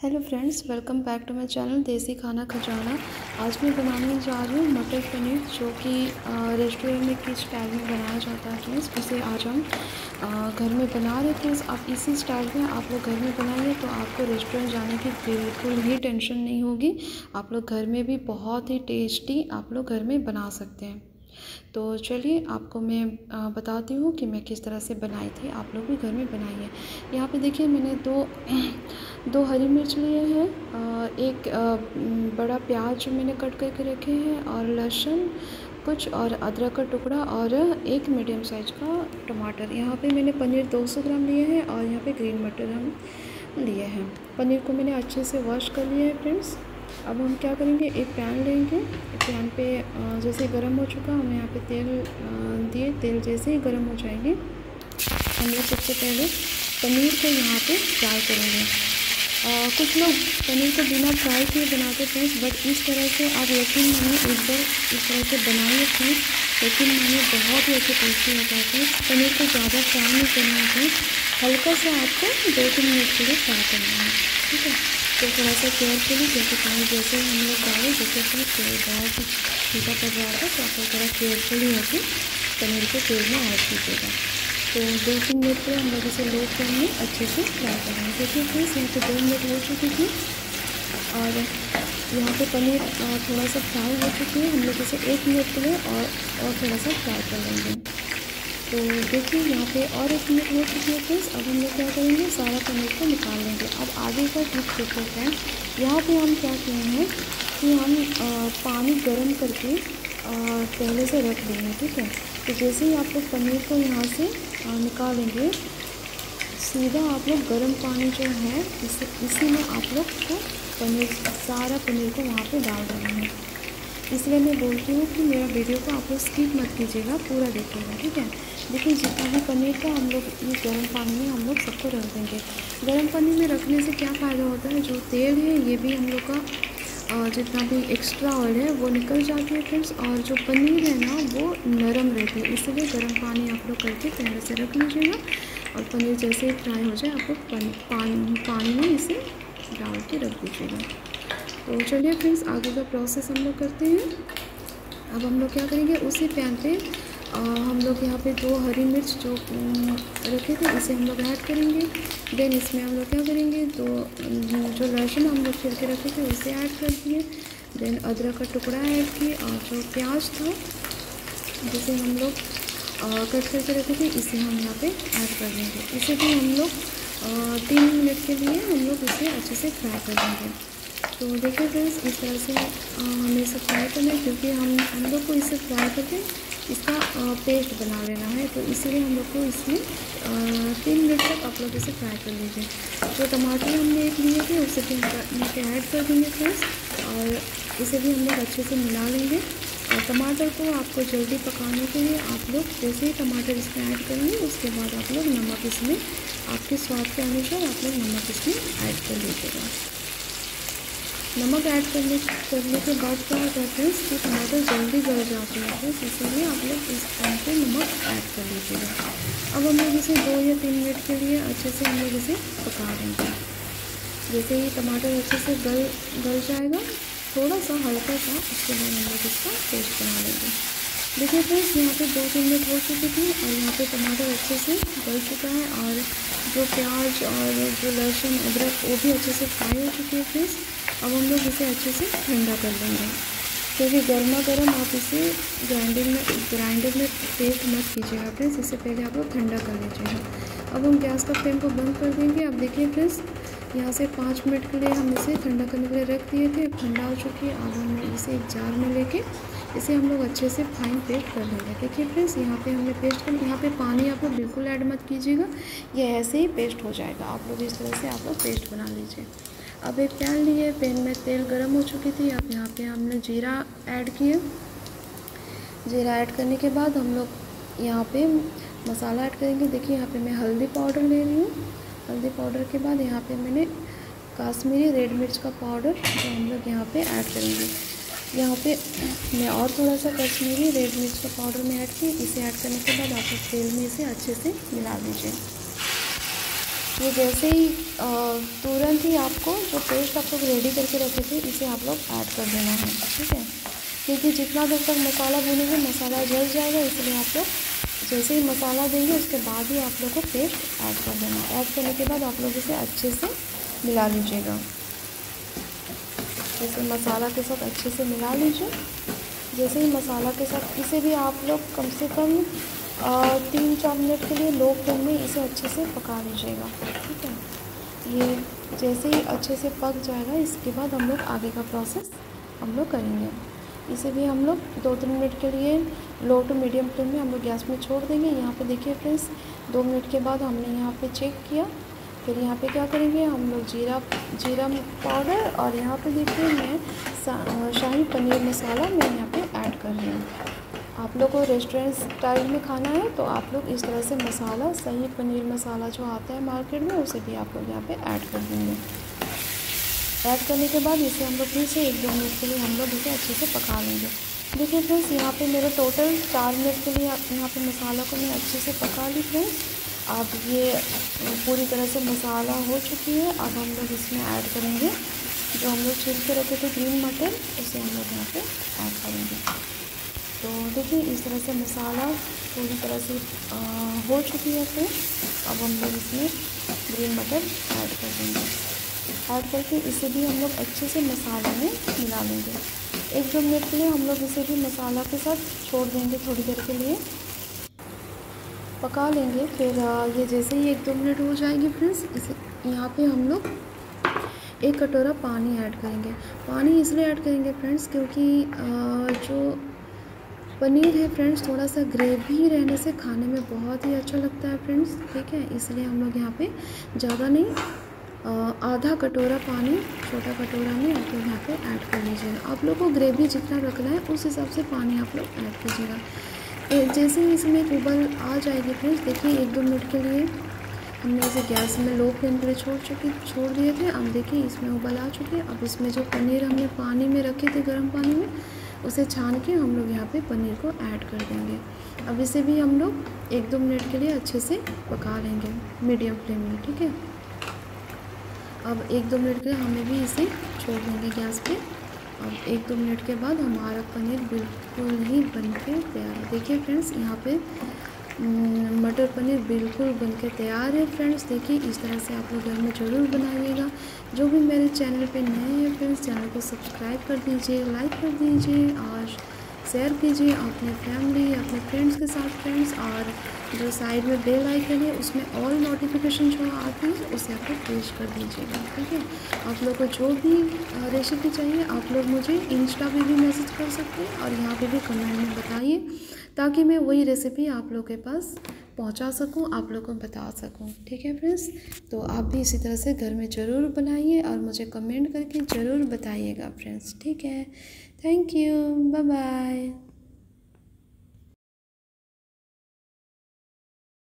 hello friends welcome back to my channel Desi Khana Khazana आज मैं बनाने जा रही हूँ मटर पनीर जो कि रेस्टोरेंट में किस स्टाइल में बनाया जाता है फ्रेंड्स उसे आज हम घर में बना रहे थे आप इसी स्टाइल में आप लोग घर में बनाइए तो आपको रेस्टोरेंट जाने की बिल्कुल भी टेंशन नहीं होगी आप लोग घर में भी बहुत ही टेस्टी आप लोग घर में बना सकते हैं तो चलिए आपको मैं बताती हूँ कि मैं किस तरह से बनाई थी आप लोग भी घर में बनाइए यहाँ पे देखिए मैंने दो दो हरी मिर्च लिए हैं एक बड़ा प्याज मैंने कट करके रखे हैं और लहसुन कुछ और अदरक का टुकड़ा और एक मीडियम साइज का टमाटर यहाँ पे मैंने पनीर 200 ग्राम लिए हैं और यहाँ पे ग्रीन मटर हम लिए हैं पनीर को मैंने अच्छे से वॉश कर लिया है फ्रेंड्स अब हम क्या करेंगे एक पैन लेंगे पैन पे जैसे गर्म हो चुका हम यहाँ पे तेल दिए तेल जैसे ही गर्म हो जाएंगे हम लोग सबसे पहले पनीर को यहाँ पे फ्राई करेंगे आ, कुछ लोग पनीर को बिना फ्राई किए बनाते थे बट इस तरह से आप यकीन मानिए एक बार इस तरह से बनाए थे लेकिन मैंने बहुत ही अच्छे टेस्टी होता था पनीर को ज़्यादा फ्राई नहीं करना था हल्का सा आपको दो तीन मिनट के लिए फ्राई करना है ठीक है तो थोड़ा सा केयरफुली जैसे कहीं जैसे हम लोग गए जैसे कि गाँव की टीका पड़ रहा था तो आप लोग थोड़ा केयरफुली होकर पनीर को तेल में ऐड कीजिएगा तो दो तीन मिनट पर हम लोग इसे लो फ्लेम में अच्छे से फ्राई करेंगे देखिए फ्रेंड्स यहाँ पर दो मिनट हो चुकी थी और यहाँ पे पनीर थोड़ा सा फ्राई हो चुकी है हम लोग इसे एक मिनट के लिए और और थोड़ा सा फ्राई कर लेंगे तो देखिए यहाँ पे और एक मिनट हो चुकी है फ्रेंड्स अब हम लोग क्या करेंगे सारा पनीर को निकाल लेंगे अब आगे का टिप देखो हैं यहाँ पे हम क्या किए हैं कि हम पानी गर्म करके पहले से रख देंगे ठीक है तो जैसे ही आप लोग पनीर को यहाँ से निकालेंगे सीधा आप लोग गर्म पानी जो है इसी में आप लोग को पनीर सारा पनीर को वहाँ पर डाल देंगे इसलिए मैं बोलती हूँ कि मेरा वीडियो को आप लोग स्किप मत कीजिएगा पूरा देखिएगा ठीक है देखिए जितना भी पनीर का हम लोग ये गर्म पानी में हम लोग सबको रख देंगे गर्म पानी में रखने से क्या फ़ायदा होता है जो तेल है ये भी हम लोग का और जितना भी एक्स्ट्रा ऑयल है वो निकल जाती है फ्रेंड्स और जो पनीर है ना वो नरम रहती है इसलिए गर्म पानी आप लोग करके पहले से रख लीजिएगा और पनीर जैसे फ्राई हो जाए आप लोग पानी, पानी में इसे डाल के रख दीजिएगा तो चलिए फ्रेंड्स आगे का प्रोसेस हम लोग करते हैं अब हम लोग क्या करेंगे उसी पैन पे आ, हम लोग यहाँ पे दो हरी मिर्च जो रखे थे इसे हम लोग ऐड करेंगे देन इसमें हम लोग क्या करेंगे दो जो लहसुन हम लोग छिल के रखे थे उसे ऐड कर दिए देन अदरक का टुकड़ा ऐड किए और जो प्याज था जिसे हम लोग कट करके रखे थे इसे हम यहाँ पे ऐड कर देंगे इसे भी हम लोग तीन मिनट के लिए हम लोग इसे अच्छे से फ्राई कर देंगे तो देखिए फ्रेंड्स इस तरह से हमें इसे फ्राई करना है क्योंकि हम हम लोग को इसे फ्राई करके इसका पेस्ट बना लेना है तो इसीलिए हम लोग को इसमें तीन मिनट तक आप लोग इसे फ्राई कर लीजिए तो टमाटर हमने एक लिए थे उसे भी हम ऐड कर देंगे फ्रेंड्स और इसे भी हम लोग अच्छे से मिला लेंगे और टमाटर को आपको जल्दी पकाने के लिए आप लोग जैसे ही टमाटर इसमें ऐड करेंगे उसके बाद आप लोग नमक इसमें आपके स्वाद के अनुसार आप लोग नमक इसमें ऐड कर लीजिएगा नमक ऐड करने करने के बाद क्या करते हैं इसके टमाटर जल्दी गल जाते हैं फ्रेंड्स इसीलिए आप लोग इस टाइम पे नमक ऐड कर लीजिएगा अब हम लोग इसे दो या तीन मिनट के लिए अच्छे से हम लोग इसे पका देंगे जैसे ही टमाटर अच्छे से गल गल जाएगा थोड़ा सा हल्का सा उसके बाद हम लोग इसका पेस्ट बना लेंगे देखिए फ्रेंड्स यहाँ पे दो तीन मिनट हो चुके थे और यहाँ पे टमाटर अच्छे से गल चुका है और जो प्याज और जो लहसुन अदरक वो भी अच्छे से फ्राई हो चुकी है फ्रेंड्स अब हम लोग इसे अच्छे से ठंडा कर लेंगे क्योंकि गर्मा गर्म आप इसे ग्राइंडिंग में ग्राइंडर में पेस्ट मत कीजिएगा फ्रेंड्स इससे पहले आप लोग ठंडा कर लीजिएगा अब हम गैस का फ्लेम को बंद कर देंगे अब देखिए फ्रेंड्स यहाँ से पाँच मिनट के लिए हम इसे ठंडा करने के लिए रख दिए थे ठंडा हो चुकी है अब हम इसे एक जार में लेके इसे हम लोग अच्छे से फाइन पेस्ट कर लेंगे देखिए फ्रेंड्स यहाँ पे हमने पेस्ट कर यहाँ पे पानी आप लोग बिल्कुल ऐड मत कीजिएगा ये ऐसे ही पेस्ट हो जाएगा आप लोग इस तरह से आप लोग पेस्ट बना लीजिए अब एक पैन लिए पैन में तेल गर्म हो चुकी थी अब यहाँ पे हमने जीरा ऐड किया जीरा ऐड करने के बाद हम लोग यहाँ पे मसाला ऐड करेंगे देखिए यहाँ पे मैं हल्दी पाउडर ले रही हूँ हल्दी पाउडर के बाद यहाँ पे मैंने काश्मीरी रेड मिर्च का पाउडर जो हम लोग यहाँ पे ऐड करेंगे यहाँ पे मैं और थोड़ा सा कश्मीरी रेड मिर्च का पाउडर में ऐड की इसे ऐड करने के बाद आप तेल में इसे अच्छे से मिला दीजिए ये जैसे ही तुरंत ही आपको जो पेस्ट आप लोग रेडी करके रखे थे इसे आप लोग ऐड कर देना है ठीक है क्योंकि जितना देर तक मसाला भूनेंगे मसाला जल जाएगा इसलिए आप लोग जैसे ही मसाला देंगे उसके बाद ही आप लोग को पेस्ट ऐड कर देना है ऐड करने के बाद आप लोग इसे अच्छे से मिला लीजिएगा जैसे मसाला के साथ अच्छे से मिला लीजिए जैसे ही मसाला के साथ इसे भी आप लोग कम से कम तीन चार मिनट के लिए लो फ्लेम में इसे अच्छे से पका लीजिएगा ठीक है ये जैसे ही अच्छे से पक जाएगा इसके बाद हम लोग आगे का प्रोसेस हम लोग करेंगे इसे भी हम लोग दो तीन मिनट के लिए लो टू मीडियम फ्लेम में हम लोग गैस में छोड़ देंगे यहाँ पे देखिए फ्रेंड्स दो मिनट के बाद हमने यहाँ पे चेक किया फिर यहाँ पे क्या करेंगे हम लोग जीरा जीरा पाउडर और यहाँ पे देखिए मैं शाही पनीर मसाला मैं यहाँ पे ऐड कर रही हूँ आप लोग को रेस्टोरेंट स्टाइल में खाना है तो आप लोग इस तरह से मसाला सही पनीर मसाला जो आता है मार्केट में उसे भी आप लोग यहाँ पे ऐड कर देंगे ऐड करने के बाद इसे हम लोग फिर से एक दो मिनट के लिए हम लोग इसे अच्छे से पका लेंगे देखिए फ्रेंड्स यहाँ पे मेरे टोटल चार मिनट के लिए यहाँ पे मसाला को मैं अच्छे से पका ली फ्रेंड्स अब ये पूरी तरह से मसाला हो चुकी है अब हम लोग इसमें ऐड करेंगे जो हम लोग छील के रखे थे ग्रीन मटर उसे हम लोग यहाँ पर ऐड करेंगे तो देखिए इस तरह से मसाला पूरी तरह से हो चुकी है फिर अब हम लोग इसमें ग्रीन मटर ऐड कर देंगे ऐड करके इसे भी हम लोग अच्छे से मसाले में मिला लेंगे एक दो मिनट के लिए हम लोग इसे भी मसाला के साथ छोड़ देंगे थोड़ी देर के लिए पका लेंगे फिर ये जैसे ही एक दो मिनट हो जाएंगे फ्रेंड्स इसे यहाँ पे हम लोग एक कटोरा पानी ऐड करेंगे पानी इसलिए ऐड करेंगे फ्रेंड्स क्योंकि जो पनीर है फ्रेंड्स थोड़ा सा ग्रेवी रहने से खाने में बहुत ही अच्छा लगता है फ्रेंड्स ठीक है इसलिए हम लोग यहाँ पे ज़्यादा नहीं आधा कटोरा पानी छोटा कटोरा में आप लोग यहाँ पर ऐड कर लीजिएगा आप लोग को ग्रेवी जितना रखना है उस हिसाब से पानी आप लोग ऐड कीजिएगा जैसे ही इसमें एक उबल आ जाएगी फ्रेंड्स देखिए एक दो मिनट के लिए हमने इसे गैस में लो फ्लेम पर छोड़ चुके छोड़ दिए थे अब देखिए इसमें उबल आ चुके अब इसमें जो पनीर हमने पानी में रखे थे गर्म पानी में उसे छान के हम लोग यहाँ पे पनीर को ऐड कर देंगे अब इसे भी हम लोग एक दो मिनट के लिए अच्छे से पका लेंगे मीडियम फ्लेम में ठीक है अब एक दो मिनट के लिए हमें भी इसे छोड़ देंगे गैस पे अब एक दो मिनट के बाद हमारा पनीर बिल्कुल ही बन के तैयार है देखिए फ्रेंड्स यहाँ पे हम्म, मटर पनीर बिल्कुल बनकर तैयार है फ्रेंड्स देखिए इस तरह से आप लोग घर में ज़रूर बनाइएगा जो भी मेरे चैनल पे नए हैं फ्रेंड्स चैनल को सब्सक्राइब कर दीजिए लाइक कर दीजिए और शेयर कीजिए अपने फैमिली अपने फ्रेंड्स के साथ फ्रेंड्स और जो साइड में बेल आइकन है उसमें ऑल नोटिफिकेशन जो आती है उसे आप लोग पेश कर दीजिएगा ठीक है आप लोग को जो भी रेसिपी चाहिए आप लोग मुझे इंस्टा पर भी मैसेज कर सकते हैं और यहाँ पे भी कमेंट में बताइए ताकि मैं वही रेसिपी आप लोग के पास पहुंचा सकूं आप लोगों को बता सकूं ठीक है फ्रेंड्स तो आप भी इसी तरह से घर में ज़रूर बनाइए और मुझे कमेंट करके ज़रूर बताइएगा फ्रेंड्स ठीक है थैंक यू बाय बाय